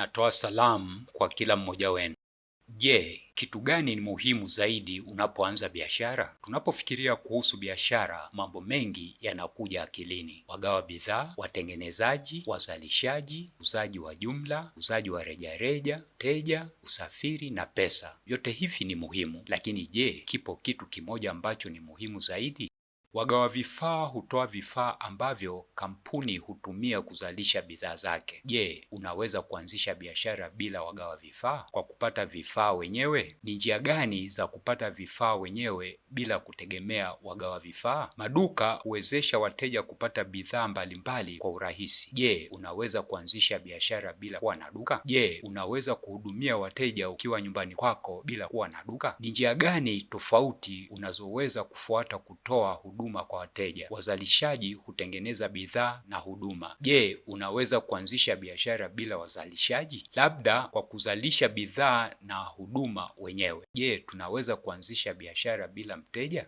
natoa salamu kwa kila mmoja wenu. Je, kitu gani ni muhimu zaidi unapoanza biashara? Tunapofikiria kuhusu biashara, mambo mengi yanakuja akilini: wagawa bidhaa, watengenezaji, wazalishaji, uzaji wa jumla, uzaji wa rejareja, teja, usafiri na pesa. Vyote hivi ni muhimu, lakini je, kipo kitu kimoja ambacho ni muhimu zaidi? Wagawa vifaa hutoa vifaa ambavyo kampuni hutumia kuzalisha bidhaa zake. Je, unaweza kuanzisha biashara bila wagawa vifaa? Kwa kupata vifaa wenyewe, ni njia gani za kupata vifaa wenyewe bila kutegemea wagawa vifaa? Maduka huwezesha wateja kupata bidhaa mbalimbali kwa urahisi. Je, unaweza kuanzisha biashara bila kuwa na duka? Je, unaweza kuhudumia wateja ukiwa nyumbani kwako bila kuwa na duka? Ni njia gani tofauti unazoweza kufuata kutoa huduma huduma kwa wateja. Wazalishaji hutengeneza bidhaa na huduma. Je, unaweza kuanzisha biashara bila wazalishaji? Labda kwa kuzalisha bidhaa na huduma wenyewe. Je, tunaweza kuanzisha biashara bila mteja?